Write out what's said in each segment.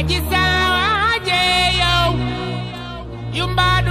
wajisawaje yow yu mbaadu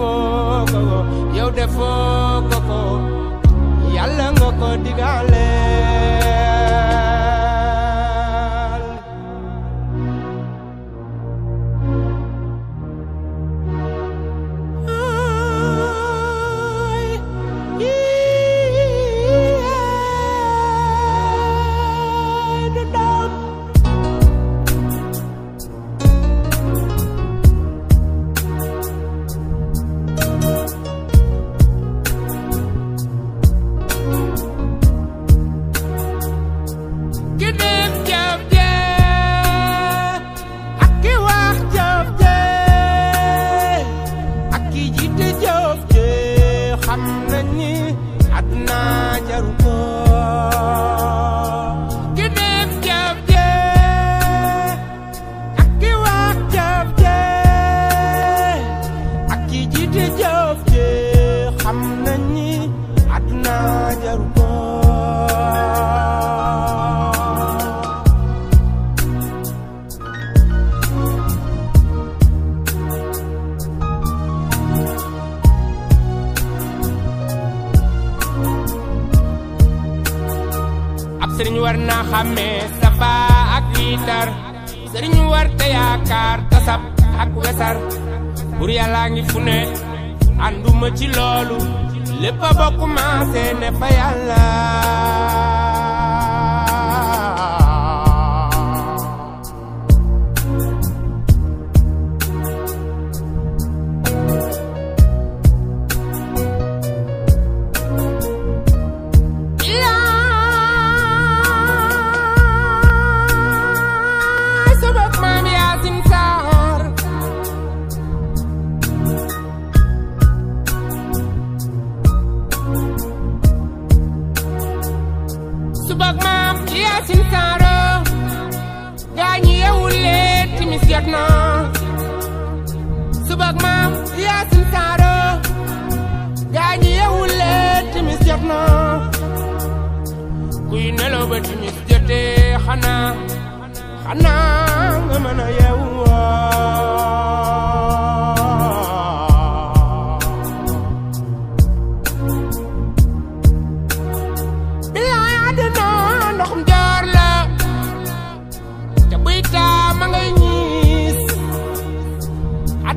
defo koko yow defo koko yàlla nga digale quero um pão. sëriñ war na xàmmee safa ak wiitar sëriñ war te yaakaar tasab ak wesar bur ngi fu ne ànduma ci loolu lépp a bokk maase ne bag na su bag maam Yacine Saaro gaa ñi yeewul leen timis jot na kuy nelaw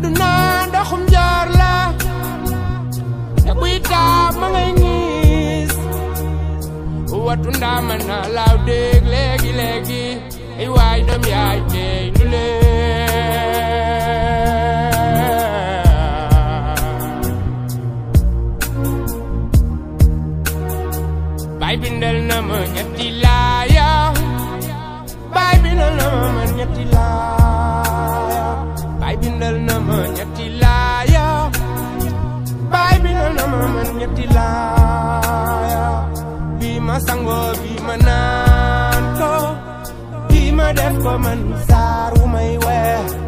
Bye, ndoxum jaar la te buy taa ma ma ñetti baay bi na ma man bi ma sangoo bi ma naan bi ma def ko man saar may weex